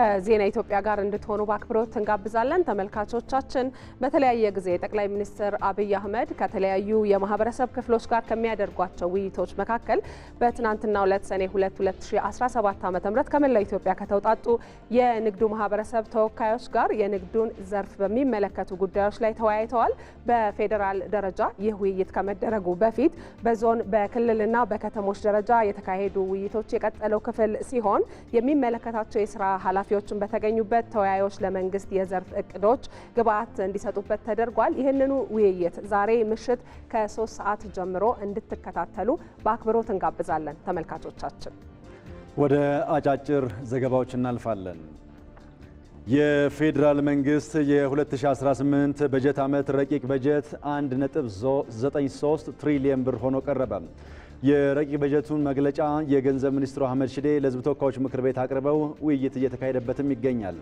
ከዜና ኢትዮጵያ ጋር እንድትሆኑ በአክብሮት እንጋብዛለን። ተመልካቾቻችን በተለያየ ጊዜ ጠቅላይ ሚኒስትር አብይ አህመድ ከተለያዩ የማህበረሰብ ክፍሎች ጋር ከሚያደርጓቸው ውይይቶች መካከል በትናንትና ዕለት ሰኔ 2 2017 ዓ ም ከመላው ኢትዮጵያ ከተውጣጡ የንግዱ ማህበረሰብ ተወካዮች ጋር የንግዱን ዘርፍ በሚመለከቱ ጉዳዮች ላይ ተወያይተዋል። በፌዴራል ደረጃ ይህ ውይይት ከመደረጉ በፊት በዞን በክልልና በከተሞች ደረጃ የተካሄዱ ውይይቶች የቀጠለው ክፍል ሲሆን የሚመለከታቸው የስራ ኃላፊ ኃላፊዎችን በተገኙበት ተወያዮች ለመንግስት የዘርፍ እቅዶች ግብአት እንዲሰጡበት ተደርጓል። ይህንኑ ውይይት ዛሬ ምሽት ከሶስት ሰዓት ጀምሮ እንድትከታተሉ በአክብሮት እንጋብዛለን ተመልካቾቻችን። ወደ አጫጭር ዘገባዎች እናልፋለን። የፌዴራል መንግስት የ2018 በጀት ዓመት ረቂቅ በጀት 1.93 ትሪሊየን ብር ሆኖ ቀረበ። የረቂቅ በጀቱን መግለጫ የገንዘብ ሚኒስትሩ አህመድ ሽዴ ለህዝብ ተወካዮች ምክር ቤት አቅርበው ውይይት እየተካሄደበትም ይገኛል።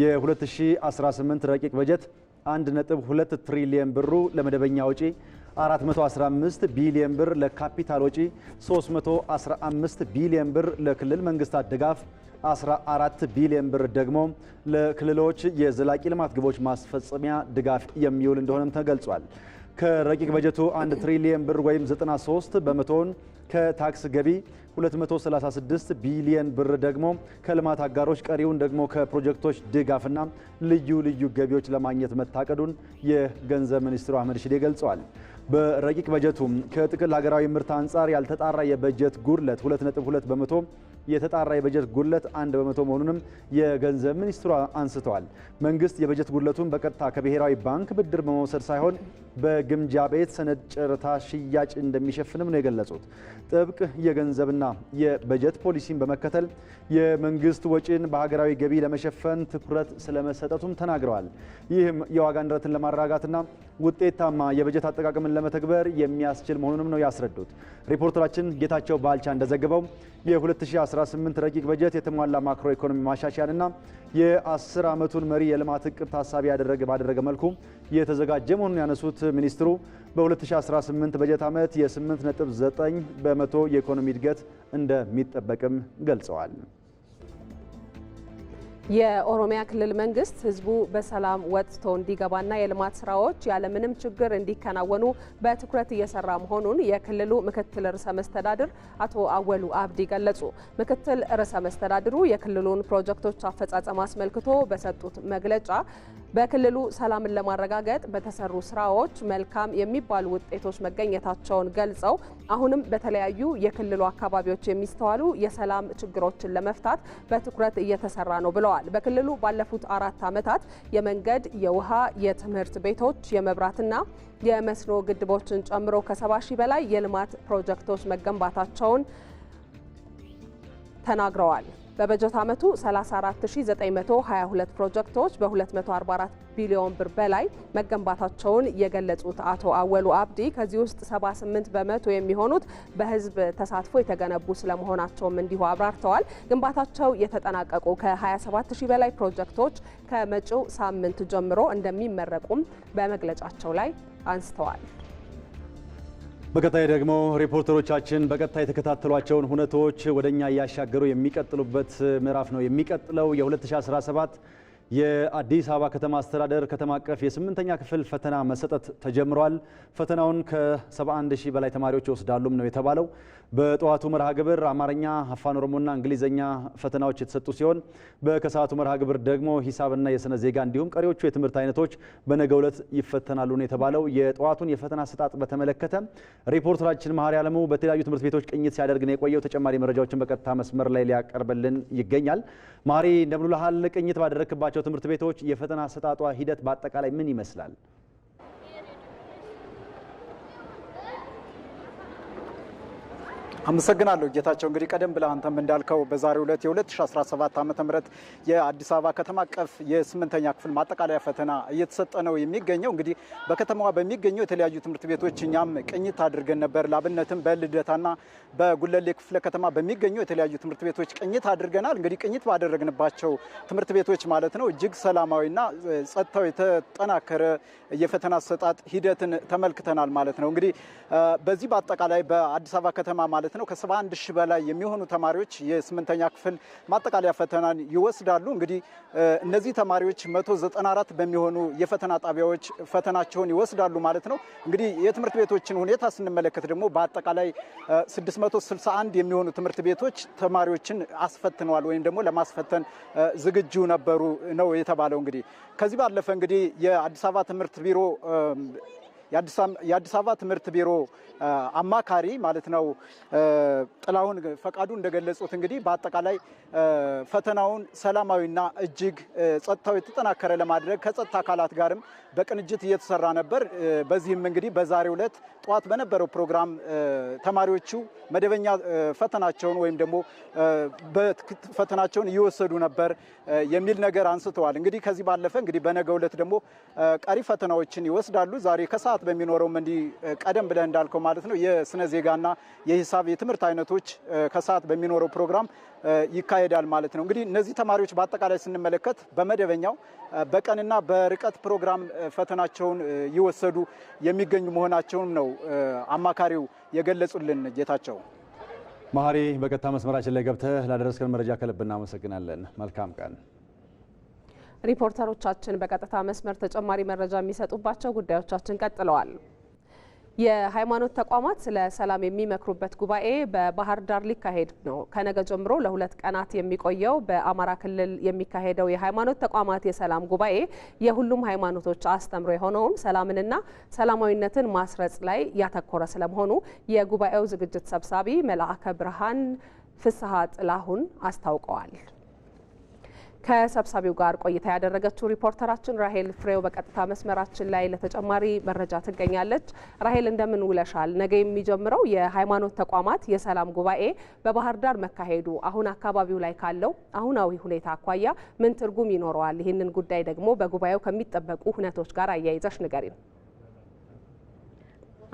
የ2018 ረቂቅ በጀት 1.2 ትሪሊየን ብሩ ለመደበኛ ወጪ 415 ቢሊዮን ብር ለካፒታል ወጪ 315 ቢሊዮን ብር ለክልል መንግስታት ድጋፍ 14 ቢሊዮን ብር ደግሞ ለክልሎች የዘላቂ ልማት ግቦች ማስፈጸሚያ ድጋፍ የሚውል እንደሆነም ተገልጿል። ከረቂቅ በጀቱ 1 ትሪሊየን ብር ወይም 93 በመቶውን ከታክስ ገቢ 236 ቢሊየን ብር ደግሞ ከልማት አጋሮች ቀሪውን ደግሞ ከፕሮጀክቶች ድጋፍና ልዩ ልዩ ገቢዎች ለማግኘት መታቀዱን የገንዘብ ሚኒስትሩ አህመድ ሽዴ ገልጸዋል። በረቂቅ በጀቱ ከጥቅል ሀገራዊ ምርት አንጻር ያልተጣራ የበጀት ጉድለት 2.2 በመቶ የተጣራ የበጀት ጉድለት አንድ በመቶ መሆኑንም የገንዘብ ሚኒስትሩ አንስተዋል። መንግስት የበጀት ጉድለቱን በቀጥታ ከብሔራዊ ባንክ ብድር በመውሰድ ሳይሆን በግምጃ ቤት ሰነድ ጨረታ ሽያጭ እንደሚሸፍንም ነው የገለጹት። ጥብቅ የገንዘብና የበጀት ፖሊሲን በመከተል የመንግስት ወጪን በሀገራዊ ገቢ ለመሸፈን ትኩረት ስለመሰጠቱም ተናግረዋል። ይህም የዋጋ ንረትን ለማረጋጋትና ውጤታማ የበጀት አጠቃቀምን ለመተግበር የሚያስችል መሆኑንም ነው ያስረዱት። ሪፖርተራችን ጌታቸው ባልቻ እንደዘገበው የ2018 ረቂቅ በጀት የተሟላ ማክሮ ኢኮኖሚ ማሻሻያንና የ10 ዓመቱን መሪ የልማት እቅድ ታሳቢ ያደረገ ባደረገ መልኩ የተዘጋጀ መሆኑን ያነሱት ሚኒስትሩ በ2018 በጀት ዓመት የ8.9 በመቶ የኢኮኖሚ እድገት እንደሚጠበቅም ገልጸዋል። የኦሮሚያ ክልል መንግስት ህዝቡ በሰላም ወጥቶ እንዲገባና የልማት ስራዎች ያለምንም ችግር እንዲከናወኑ በትኩረት እየሰራ መሆኑን የክልሉ ምክትል ርዕሰ መስተዳድር አቶ አወሉ አብዲ ገለጹ። ምክትል ርዕሰ መስተዳድሩ የክልሉን ፕሮጀክቶች አፈጻጸም አስመልክቶ በሰጡት መግለጫ በክልሉ ሰላምን ለማረጋገጥ በተሰሩ ስራዎች መልካም የሚባሉ ውጤቶች መገኘታቸውን ገልጸው አሁንም በተለያዩ የክልሉ አካባቢዎች የሚስተዋሉ የሰላም ችግሮችን ለመፍታት በትኩረት እየተሰራ ነው ብለዋል። በክልሉ ባለፉት አራት ዓመታት የመንገድ፣ የውሃ፣ የትምህርት ቤቶች፣ የመብራትና የመስኖ ግድቦችን ጨምሮ ከሰባ ሺህ በላይ የልማት ፕሮጀክቶች መገንባታቸውን ተናግረዋል። በበጀት ዓመቱ 34922 ፕሮጀክቶች በ244 ቢሊዮን ብር በላይ መገንባታቸውን የገለጹት አቶ አወሉ አብዲ ከዚህ ውስጥ 78 በመቶ የሚሆኑት በህዝብ ተሳትፎ የተገነቡ ስለመሆናቸውም እንዲሁ አብራርተዋል። ግንባታቸው የተጠናቀቁ ከ27000 በላይ ፕሮጀክቶች ከመጪው ሳምንት ጀምሮ እንደሚመረቁም በመግለጫቸው ላይ አንስተዋል። በቀጣይ ደግሞ ሪፖርተሮቻችን በቀጣይ የተከታተሏቸውን ሁነቶች ወደኛ እያሻገሩ የሚቀጥሉበት ምዕራፍ ነው የሚቀጥለው የ2017 የአዲስ አበባ ከተማ አስተዳደር ከተማ አቀፍ የስምንተኛ ክፍል ፈተና መሰጠት ተጀምሯል። ፈተናውን ከ71 ሺህ በላይ ተማሪዎች ይወስዳሉም ነው የተባለው። በጠዋቱ መርሃ ግብር አማርኛ፣ አፋን ኦሮሞና እንግሊዝኛ ፈተናዎች የተሰጡ ሲሆን በከሰዓቱ መርሃ ግብር ደግሞ ሂሳብና የስነ ዜጋ እንዲሁም ቀሪዎቹ የትምህርት አይነቶች በነገ ዕለት ይፈተናሉ ነው የተባለው። የጠዋቱን የፈተና ስጣጥ በተመለከተ ሪፖርተራችን መሀሪ አለሙ በተለያዩ ትምህርት ቤቶች ቅኝት ሲያደርግ ነው የቆየው። ተጨማሪ መረጃዎችን በቀጥታ መስመር ላይ ሊያቀርብልን ይገኛል። መሀሪ እንደምንላሃል ቅኝት ባደረግክባቸው ትምህርት ቤቶች የፈተና አሰጣጧ ሂደት በአጠቃላይ ምን ይመስላል? አመሰግናለሁ ጌታቸው። እንግዲህ ቀደም ብለህ አንተም እንዳልከው በዛሬው ዕለት የ2017 ዓ.ም የአዲስ አበባ ከተማ አቀፍ የስምንተኛ ክፍል ማጠቃለያ ፈተና እየተሰጠ ነው የሚገኘው። እንግዲህ በከተማዋ በሚገኙ የተለያዩ ትምህርት ቤቶች እኛም ቅኝት አድርገን ነበር። ላብነትም በልደታና በጉለሌ ክፍለ ከተማ በሚገኙ የተለያዩ ትምህርት ቤቶች ቅኝት አድርገናል። እንግዲህ ቅኝት ባደረግንባቸው ትምህርት ቤቶች ማለት ነው እጅግ ሰላማዊና ጸጥታው የተጠናከረ የፈተና አሰጣጥ ሂደትን ተመልክተናል ማለት ነው። እንግዲህ በዚህ በአጠቃላይ በአዲስ አበባ ከተማ ማለት ማለት ነው ከ71 ሺህ በላይ የሚሆኑ ተማሪዎች የስምንተኛ ክፍል ማጠቃለያ ፈተናን ይወስዳሉ። እንግዲህ እነዚህ ተማሪዎች 194 በሚሆኑ የፈተና ጣቢያዎች ፈተናቸውን ይወስዳሉ ማለት ነው። እንግዲህ የትምህርት ቤቶችን ሁኔታ ስንመለከት ደግሞ በአጠቃላይ 661 የሚሆኑ ትምህርት ቤቶች ተማሪዎችን አስፈትነዋል ወይም ደግሞ ለማስፈተን ዝግጁ ነበሩ ነው የተባለው። እንግዲህ ከዚህ ባለፈ እንግዲህ የአዲስ አበባ ትምህርት ቢሮ የአዲስ አበባ ትምህርት ቢሮ አማካሪ ማለት ነው ጥላሁን ፈቃዱ እንደገለጹት እንግዲህ በአጠቃላይ ፈተናውን ሰላማዊና እጅግ ጸጥታው የተጠናከረ ለማድረግ ከጸጥታ አካላት ጋርም በቅንጅት እየተሰራ ነበር። በዚህም እንግዲህ በዛሬው ዕለት ጠዋት በነበረው ፕሮግራም ተማሪዎቹ መደበኛ ፈተናቸውን ወይም ደግሞ ፈተናቸውን እየወሰዱ ነበር የሚል ነገር አንስተዋል። እንግዲህ ከዚህ ባለፈ እንግዲህ በነገው ዕለት ደግሞ ቀሪ ፈተናዎችን ይወስዳሉ። ዛሬ ከሰዓት በሚኖረውም እንዲህ ቀደም ብለን እንዳልከው ማለት ነው የስነ ዜጋና የሂሳብ የትምህርት አይነቶች ከሰዓት በሚኖረው ፕሮግራም ይካሄዳል ማለት ነው። እንግዲህ እነዚህ ተማሪዎች በአጠቃላይ ስንመለከት በመደበኛው በቀንና በርቀት ፕሮግራም ፈተናቸውን እየወሰዱ የሚገኙ መሆናቸውን ነው አማካሪው የገለጹልን። ጌታቸው መሀሪ፣ በቀጥታ መስመራችን ላይ ገብተህ ላደረስከን መረጃ ከልብ እናመሰግናለን። መልካም ቀን። ሪፖርተሮቻችን በቀጥታ መስመር ተጨማሪ መረጃ የሚሰጡባቸው ጉዳዮቻችን ቀጥለዋል። የሃይማኖት ተቋማት ስለ ሰላም የሚመክሩበት ጉባኤ በባህር ዳር ሊካሄድ ነው። ከነገ ጀምሮ ለሁለት ቀናት የሚቆየው በአማራ ክልል የሚካሄደው የሃይማኖት ተቋማት የሰላም ጉባኤ የሁሉም ሃይማኖቶች አስተምሮ የሆነውም ሰላምንና ሰላማዊነትን ማስረጽ ላይ ያተኮረ ስለመሆኑ የጉባኤው ዝግጅት ሰብሳቢ መልአከ ብርሃን ፍስሐ ጥላሁን አስታውቀዋል። ከሰብሳቢው ጋር ቆይታ ያደረገችው ሪፖርተራችን ራሄል ፍሬው በቀጥታ መስመራችን ላይ ለተጨማሪ መረጃ ትገኛለች። ራሄል እንደምን ውለሻል? ነገ የሚጀምረው የሃይማኖት ተቋማት የሰላም ጉባኤ በባህር ዳር መካሄዱ አሁን አካባቢው ላይ ካለው አሁናዊ ሁኔታ አኳያ ምን ትርጉም ይኖረዋል? ይህንን ጉዳይ ደግሞ በጉባኤው ከሚጠበቁ ሁነቶች ጋር አያይዘሽ ንገሪን።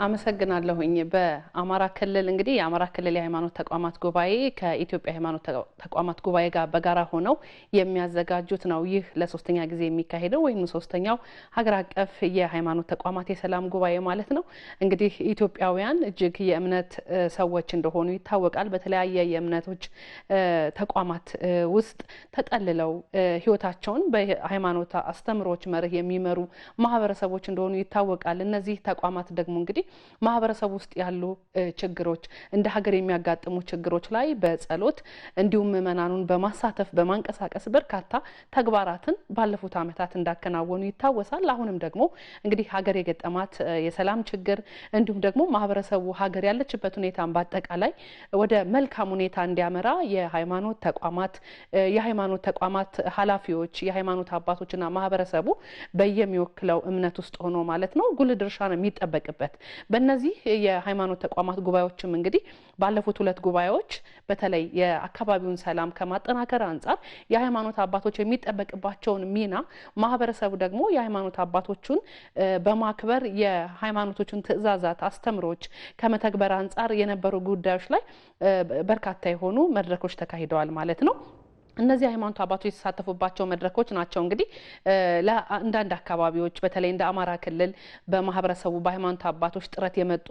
አመሰግናለሁኝ። በአማራ ክልል እንግዲህ የአማራ ክልል የሃይማኖት ተቋማት ጉባኤ ከኢትዮጵያ ሃይማኖት ተቋማት ጉባኤ ጋር በጋራ ሆነው የሚያዘጋጁት ነው። ይህ ለሶስተኛ ጊዜ የሚካሄደው ወይም ሶስተኛው ሀገር አቀፍ የሃይማኖት ተቋማት የሰላም ጉባኤ ማለት ነው። እንግዲህ ኢትዮጵያውያን እጅግ የእምነት ሰዎች እንደሆኑ ይታወቃል። በተለያየ የእምነቶች ተቋማት ውስጥ ተጠልለው ህይወታቸውን በሃይማኖት አስተምሮች መርህ የሚመሩ ማህበረሰቦች እንደሆኑ ይታወቃል። እነዚህ ተቋማት ደግሞ እንግዲህ ማህበረሰብ ውስጥ ያሉ ችግሮች እንደ ሀገር የሚያጋጥሙ ችግሮች ላይ በጸሎት እንዲሁም ምዕመናኑን በማሳተፍ በማንቀሳቀስ በርካታ ተግባራትን ባለፉት ዓመታት እንዳከናወኑ ይታወሳል። አሁንም ደግሞ እንግዲህ ሀገር የገጠማት የሰላም ችግር እንዲሁም ደግሞ ማህበረሰቡ ሀገር ያለችበት ሁኔታን በአጠቃላይ ወደ መልካም ሁኔታ እንዲያመራ የሃይማኖት ተቋማት የሃይማኖት ተቋማት ኃላፊዎች የሃይማኖት አባቶችና ማህበረሰቡ በየሚወክለው እምነት ውስጥ ሆኖ ማለት ነው ጉልህ ድርሻ ነው የሚጠበቅበት። በእነዚህ የሃይማኖት ተቋማት ጉባኤዎችም እንግዲህ ባለፉት ሁለት ጉባኤዎች በተለይ የአካባቢውን ሰላም ከማጠናከር አንጻር የሃይማኖት አባቶች የሚጠበቅባቸውን ሚና ማህበረሰቡ ደግሞ የሃይማኖት አባቶቹን በማክበር የሃይማኖቶቹን ትዕዛዛት፣ አስተምሮች ከመተግበር አንጻር የነበሩ ጉዳዮች ላይ በርካታ የሆኑ መድረኮች ተካሂደዋል ማለት ነው። እነዚህ ሃይማኖት አባቶች የተሳተፉባቸው መድረኮች ናቸው። እንግዲህ ለአንዳንድ አካባቢዎች በተለይ እንደ አማራ ክልል በማህበረሰቡ በሃይማኖት አባቶች ጥረት የመጡ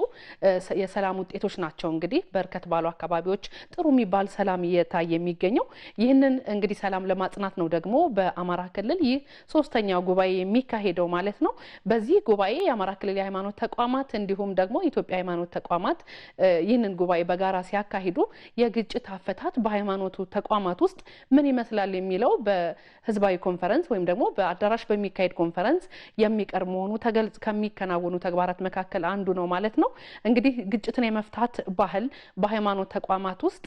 የሰላም ውጤቶች ናቸው። እንግዲህ በርከት ባሉ አካባቢዎች ጥሩ የሚባል ሰላም እየታየ የሚገኘው ይህንን እንግዲህ ሰላም ለማጽናት ነው። ደግሞ በአማራ ክልል ይህ ሶስተኛው ጉባኤ የሚካሄደው ማለት ነው። በዚህ ጉባኤ የአማራ ክልል የሃይማኖት ተቋማት እንዲሁም ደግሞ የኢትዮጵያ ሃይማኖት ተቋማት ይህንን ጉባኤ በጋራ ሲያካሂዱ የግጭት አፈታት በሃይማኖቱ ተቋማት ውስጥ ምን ይመስላል የሚለው በህዝባዊ ኮንፈረንስ ወይም ደግሞ በአዳራሽ በሚካሄድ ኮንፈረንስ የሚቀርብ መሆኑ ተገልጽ ከሚከናወኑ ተግባራት መካከል አንዱ ነው ማለት ነው። እንግዲህ ግጭትን የመፍታት ባህል በሃይማኖት ተቋማት ውስጥ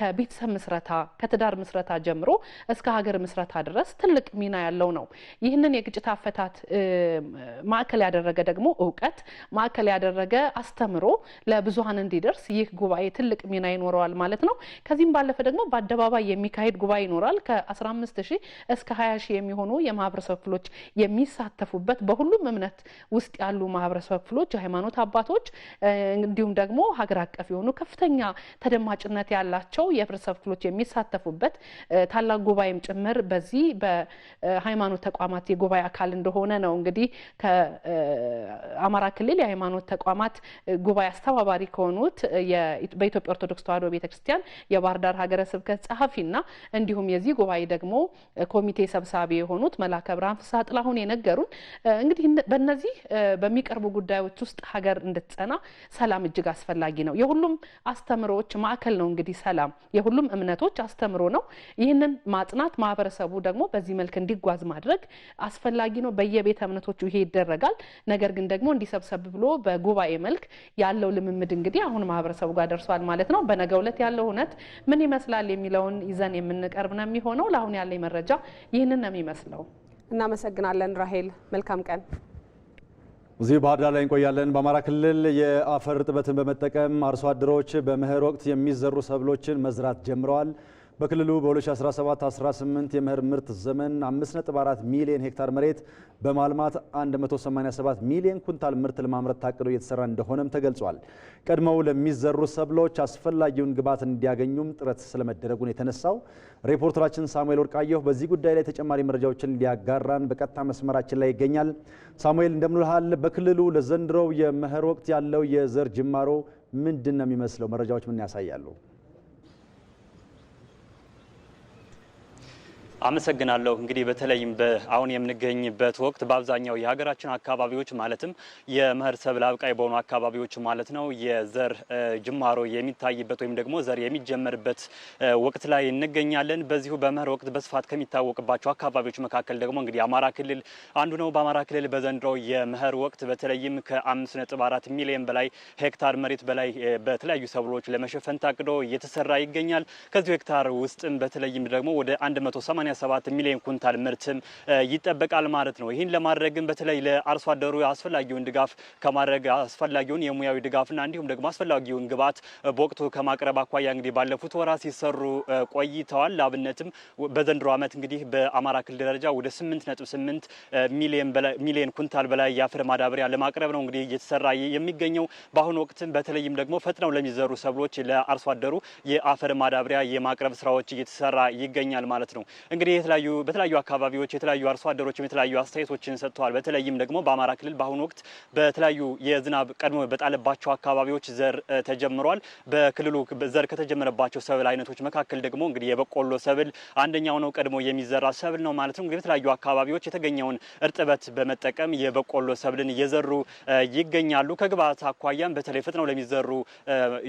ከቤተሰብ ምስረታ ከትዳር ምስረታ ጀምሮ እስከ ሀገር ምስረታ ድረስ ትልቅ ሚና ያለው ነው። ይህንን የግጭት አፈታት ማዕከል ያደረገ ደግሞ እውቀት ማዕከል ያደረገ አስተምሮ ለብዙሀን እንዲደርስ ይህ ጉባኤ ትልቅ ሚና ይኖረዋል ማለት ነው። ከዚህም ባለፈ ደግሞ በአደባባይ የሚካሄድ ጉባኤ ይኖራል። ከ15 ሺህ እስከ 20 ሺህ የሚሆኑ የማህበረሰብ ክፍሎች የሚሳተፉበት በሁሉም እምነት ውስጥ ያሉ ማህበረሰብ ክፍሎች፣ የሃይማኖት አባቶች እንዲሁም ደግሞ ሀገር አቀፍ የሆኑ ከፍተኛ ተደማጭነት ያላቸው የህብረተሰብ ክፍሎች የሚሳተፉበት ታላቅ ጉባኤም ጭምር በዚህ በሃይማኖት ተቋማት የጉባኤ አካል እንደሆነ ነው እንግዲህ ከአማራ ክልል የሃይማኖት ተቋማት ጉባኤ አስተባባሪ ከሆኑት በኢትዮጵያ ኦርቶዶክስ ተዋሕዶ ቤተክርስቲያን የባህር ዳር ሀገረ ስብከት ጸሐፊና እንዲሁም የዚህ ጉባኤ ደግሞ ኮሚቴ ሰብሳቢ የሆኑት መላከ ብርሃን ፍስሐ ጥላሁን የነገሩን እንግዲህ በእነዚህ በሚቀርቡ ጉዳዮች ውስጥ ሀገር እንድትጸና ሰላም እጅግ አስፈላጊ ነው። የሁሉም አስተምሮዎች ማዕከል ነው። እንግዲህ ሰላም የሁሉም እምነቶች አስተምሮ ነው። ይህንን ማጽናት ማህበረሰቡ ደግሞ በዚህ መልክ እንዲጓዝ ማድረግ አስፈላጊ ነው። በየቤተ እምነቶቹ ይሄ ይደረጋል። ነገር ግን ደግሞ እንዲሰብሰብ ብሎ በጉባኤ መልክ ያለው ልምምድ እንግዲህ አሁን ማህበረሰቡ ጋር ደርሷል ማለት ነው። በነገው ዕለት ያለው እውነት ምን ይመስላል የሚለውን ይዘን የምን የምንቀርብ ነው የሚሆነው። ለአሁን ያለኝ መረጃ ይህንን ነው የሚመስለው። እናመሰግናለን ራሄል፣ መልካም ቀን። እዚህ ባህር ዳር ላይ እንቆያለን። በአማራ ክልል የአፈር እርጥበትን በመጠቀም አርሶ አደሮች በመኸር ወቅት የሚዘሩ ሰብሎችን መዝራት ጀምረዋል። በክልሉ በ2017-18 የመኸር ምርት ዘመን 5.4 ሚሊዮን ሄክታር መሬት በማልማት 187 ሚሊዮን ኩንታል ምርት ለማምረት ታቅዶ እየተሰራ እንደሆነም ተገልጿል። ቀድመው ለሚዘሩ ሰብሎች አስፈላጊውን ግብዓት እንዲያገኙም ጥረት ስለመደረጉን የተነሳው ሪፖርተራችን ሳሙኤል ወርቃየሁ በዚህ ጉዳይ ላይ ተጨማሪ መረጃዎችን እንዲያጋራን በቀጥታ መስመራችን ላይ ይገኛል። ሳሙኤል እንደምንልሃል። በክልሉ ለዘንድሮው የመኸር ወቅት ያለው የዘር ጅማሮ ምንድን ነው የሚመስለው? መረጃዎች ምን ያሳያሉ? አመሰግናለሁ። እንግዲህ በተለይም አሁን የምንገኝበት ወቅት በአብዛኛው የሀገራችን አካባቢዎች ማለትም የመኸር ሰብል አብቃይ በሆኑ አካባቢዎች ማለት ነው የዘር ጅማሮ የሚታይበት ወይም ደግሞ ዘር የሚጀመርበት ወቅት ላይ እንገኛለን። በዚሁ በመኸር ወቅት በስፋት ከሚታወቅባቸው አካባቢዎች መካከል ደግሞ እንግዲህ አማራ ክልል አንዱ ነው። በአማራ ክልል በዘንድሮ የመኸር ወቅት በተለይም ከ5.4 ሚሊዮን በላይ ሄክታር መሬት በላይ በተለያዩ ሰብሎች ለመሸፈን ታቅዶ እየተሰራ ይገኛል። ከዚሁ ሄክታር ውስጥም በተለይም ደግሞ ወደ 180 87 ሚሊዮን ኩንታል ምርትም ይጠበቃል ማለት ነው። ይህን ለማድረግም በተለይ ለአርሶ አደሩ አስፈላጊውን ድጋፍ ከማድረግ አስፈላጊውን የሙያዊ ድጋፍና እንዲሁም ደግሞ አስፈላጊውን ግብዓት በወቅቱ ከማቅረብ አኳያ እንግዲህ ባለፉት ወራት ሲሰሩ ቆይተዋል። ለአብነትም በዘንድሮ ዓመት እንግዲህ በአማራ ክልል ደረጃ ወደ 8.8 ሚሊዮን ኩንታል በላይ የአፈር ማዳበሪያ ለማቅረብ ነው እንግዲህ እየተሰራ የሚገኘው። በአሁኑ ወቅትም በተለይም ደግሞ ፈጥነው ለሚዘሩ ሰብሎች ለአርሶ አደሩ የአፈር ማዳበሪያ የማቅረብ ስራዎች እየተሰራ ይገኛል ማለት ነው። እንግዲህ የተለያዩ በተለያዩ አካባቢዎች የተለያዩ አርሶ አደሮችም የተለያዩ አስተያየቶችን ሰጥተዋል። በተለይም ደግሞ በአማራ ክልል በአሁኑ ወቅት በተለያዩ የዝናብ ቀድሞ በጣለባቸው አካባቢዎች ዘር ተጀምሯል። በክልሉ ዘር ከተጀመረባቸው ሰብል አይነቶች መካከል ደግሞ እንግዲህ የበቆሎ ሰብል አንደኛው ነው። ቀድሞ የሚዘራ ሰብል ነው ማለት ነው። እንግዲህ በተለያዩ አካባቢዎች የተገኘውን እርጥበት በመጠቀም የበቆሎ ሰብልን እየዘሩ ይገኛሉ። ከግብአት አኳያም በተለይ ፈጥነው ለሚዘሩ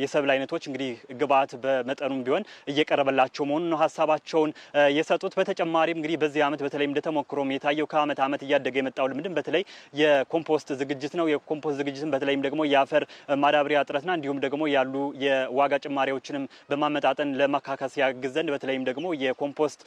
የሰብል አይነቶች እንግዲህ ግብአት በመጠኑም ቢሆን እየቀረበላቸው መሆኑን ነው ሀሳባቸውን የሰጡት። በተጨማሪም እንግዲህ በዚህ ዓመት በተለይ እንደተሞክሮም የታየው ከዓመት ዓመት እያደገ የመጣው ልምድም በተለይ የኮምፖስት ዝግጅት ነው። የኮምፖስት ዝግጅትም በተለይም ደግሞ የአፈር ማዳብሪያ እጥረትና እንዲሁም ደግሞ ያሉ የዋጋ ጭማሪዎችንም በማመጣጠን ለማካካስ ያግዝ ዘንድ በተለይም ደግሞ የኮምፖስት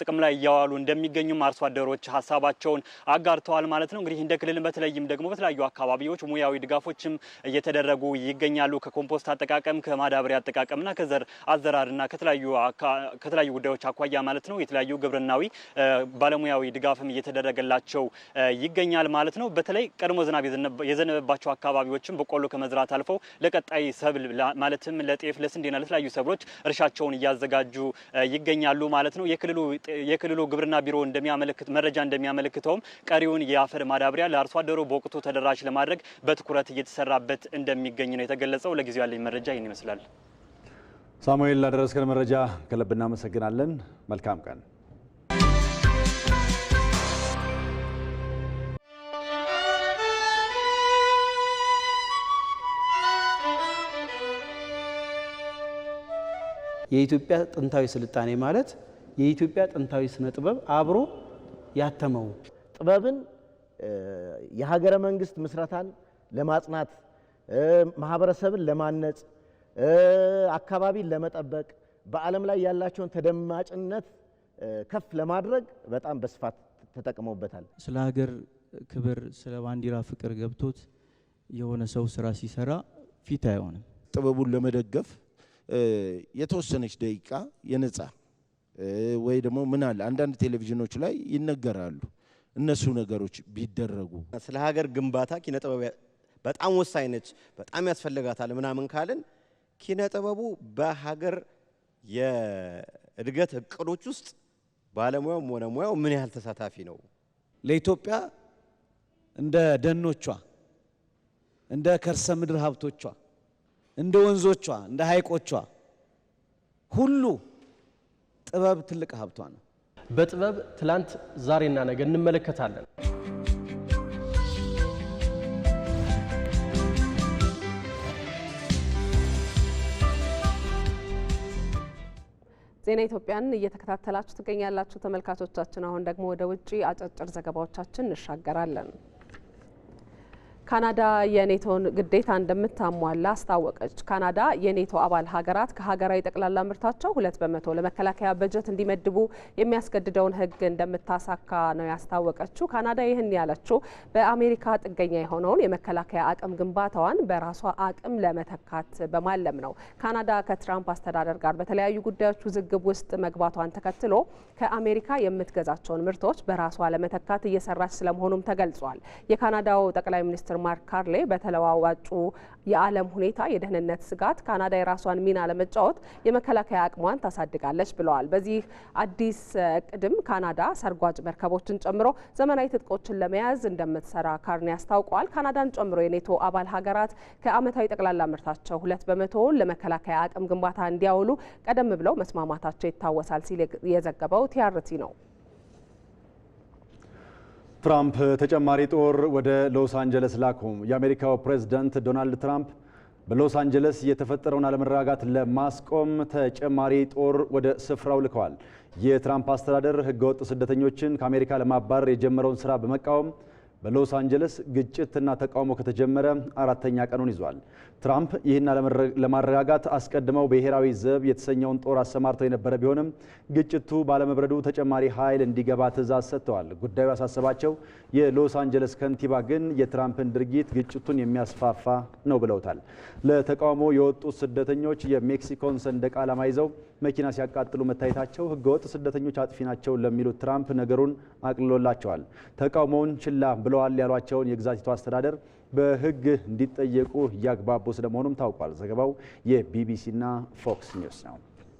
ጥቅም ላይ እያዋሉ እንደሚገኙም አርሶ አደሮች ሀሳባቸውን አጋርተዋል ማለት ነው። እንግዲህ እንደ በተለይም ደግሞ በተለያዩ አካባቢዎች ሙያዊ ድጋፎችም እየተደረጉ ይገኛሉ። ከኮምፖስት አጠቃቀም፣ ከማዳብሪያ አጠቃቀምና ከዘር አዘራርና ከተለያዩ ጉዳዮች አኳያ ማለት ነው የተለያዩ ግብርናዊ ባለሙያዊ ድጋፍም እየተደረገላቸው ይገኛል ማለት ነው። በተለይ ቀድሞ ዝናብ የዘነበባቸው አካባቢዎችም በቆሎ ከመዝራት አልፈው ለቀጣይ ሰብል ማለትም ለጤፍ፣ ለስንዴና ለተለያዩ ሰብሎች እርሻቸውን እያዘጋጁ ይገኛሉ ማለት ነው። የክልሉ ግብርና ቢሮ እንደሚያመለክት መረጃ እንደሚያመለክተውም ቀሪውን የአፈር ማዳበሪያ ለአርሶ አደሩ በወቅቱ ተደራሽ ለማድረግ በትኩረት እየተሰራበት እንደሚገኝ ነው የተገለጸው። ለጊዜው ያለኝ መረጃ ይህን ይመስላል። ሳሙኤል፣ ላደረስከን መረጃ ከልብ እናመሰግናለን። መልካም ቀን የኢትዮጵያ ጥንታዊ ስልጣኔ ማለት የኢትዮጵያ ጥንታዊ ስነ ጥበብ አብሮ ያተመው ጥበብን የሀገረ መንግስት ምስረታን ለማጽናት ማህበረሰብን ለማነጽ አካባቢን ለመጠበቅ በዓለም ላይ ያላቸውን ተደማጭነት ከፍ ለማድረግ በጣም በስፋት ተጠቅመውበታል። ስለ ሀገር ክብር፣ ስለ ባንዲራ ፍቅር ገብቶት የሆነ ሰው ስራ ሲሰራ ፊት አይሆንም። ጥበቡን ለመደገፍ የተወሰነች ደቂቃ የነፃ ወይ ደግሞ ምን አለ አንዳንድ ቴሌቪዥኖች ላይ ይነገራሉ። እነሱ ነገሮች ቢደረጉ ስለ ሀገር ግንባታ ኪነ ጥበብ በጣም ወሳኝ ነች፣ በጣም ያስፈልጋታል ምናምን ካልን ኪነ ጥበቡ በሀገር የእድገት እቅዶች ውስጥ ባለሙያውም ሆነ ሙያው ምን ያህል ተሳታፊ ነው? ለኢትዮጵያ እንደ ደኖቿ እንደ ከርሰ ምድር ሀብቶቿ እንደ ወንዞቿ እንደ ሐይቆቿ ሁሉ ጥበብ ትልቅ ሀብቷ ነው። በጥበብ ትላንት ዛሬና ነገ እንመለከታለን። ዜና ኢትዮጵያን እየተከታተላችሁ ትገኛላችሁ ተመልካቾቻችን። አሁን ደግሞ ወደ ውጭ አጫጭር ዘገባዎቻችን እንሻገራለን። ካናዳ የኔቶን ግዴታ እንደምታሟላ አስታወቀች። ካናዳ የኔቶ አባል ሀገራት ከሀገራዊ ጠቅላላ ምርታቸው ሁለት በመቶ ለመከላከያ በጀት እንዲመድቡ የሚያስገድደውን ሕግ እንደምታሳካ ነው ያስታወቀችው። ካናዳ ይህን ያለችው በአሜሪካ ጥገኛ የሆነውን የመከላከያ አቅም ግንባታዋን በራሷ አቅም ለመተካት በማለም ነው። ካናዳ ከትራምፕ አስተዳደር ጋር በተለያዩ ጉዳዮች ውዝግብ ውስጥ መግባቷን ተከትሎ ከአሜሪካ የምትገዛቸውን ምርቶች በራሷ ለመተካት እየሰራች ስለመሆኑም ተገልጿል። የካናዳው ጠቅላይ ሚኒስትር ማርክ ካርሌ በተለዋዋጩ የዓለም ሁኔታ የደህንነት ስጋት ካናዳ የራሷን ሚና ለመጫወት የመከላከያ አቅሟን ታሳድጋለች ብለዋል። በዚህ አዲስ ቅድም ካናዳ ሰርጓጅ መርከቦችን ጨምሮ ዘመናዊ ትጥቆችን ለመያዝ እንደምትሰራ ካርኔ አስታውቋል። ካናዳን ጨምሮ የኔቶ አባል ሀገራት ከዓመታዊ ጠቅላላ ምርታቸው ሁለት በመቶውን ለመከላከያ አቅም ግንባታ እንዲያውሉ ቀደም ብለው መስማማታቸው ይታወሳል ሲል የዘገበው ቲአርቲ ነው። ትራምፕ ተጨማሪ ጦር ወደ ሎስ አንጀለስ ላኩም። የአሜሪካው ፕሬዝዳንት ዶናልድ ትራምፕ በሎስ አንጀለስ የተፈጠረውን አለመረጋጋት ለማስቆም ተጨማሪ ጦር ወደ ስፍራው ልከዋል። የትራምፕ አስተዳደር ህገወጥ ስደተኞችን ከአሜሪካ ለማባረር የጀመረውን ስራ በመቃወም በሎስ አንጀለስ ግጭትና ተቃውሞ ከተጀመረ አራተኛ ቀኑን ይዟል። ትራምፕ ይህን ለማረጋጋት አስቀድመው ብሔራዊ ዘብ የተሰኘውን ጦር አሰማርተው የነበረ ቢሆንም ግጭቱ ባለመብረዱ ተጨማሪ ኃይል እንዲገባ ትዕዛዝ ሰጥተዋል። ጉዳዩ ያሳሰባቸው የሎስ አንጀለስ ከንቲባ ግን የትራምፕን ድርጊት ግጭቱን የሚያስፋፋ ነው ብለውታል። ለተቃውሞ የወጡት ስደተኞች የሜክሲኮን ሰንደቅ ዓላማ ይዘው መኪና ሲያቃጥሉ መታየታቸው ህገወጥ ስደተኞች አጥፊ ናቸው ለሚሉት ትራምፕ ነገሩን አቅልሎላቸዋል። ተቃውሞውን ችላ ብለዋል ያሏቸውን የግዛቲቱ አስተዳደር በህግ እንዲጠየቁ እያግባቡ ስለመሆኑም ታውቋል። ዘገባው የቢቢሲና ፎክስ ኒውስ ነው።